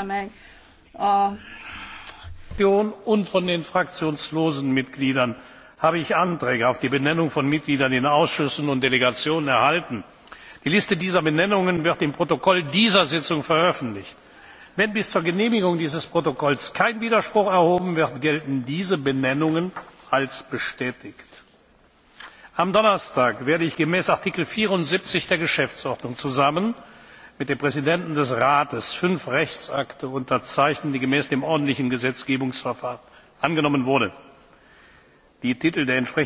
meg a und von den fraktionslosen mitgliedern habe ich anträge auf die benennung von mitgliedern in ausschüssen und delegationen erhalten. die liste dieser benennungen wird im protokoll dieser sitzung veröffentlicht. wenn bis zur genehmigung dieses protokolls kein widerspruch erhoben wird gelten diese benennungen als bestätigt. am donnerstag werde ich gemäß artikel vierundsiebzig der geschäftsordnung zusammen mit dem präsidenten des rates fünf rechtsakte unterzeichnen die gemäß dem ordentlichen gesetzgebungsverfahren angenommen wurden. die titel der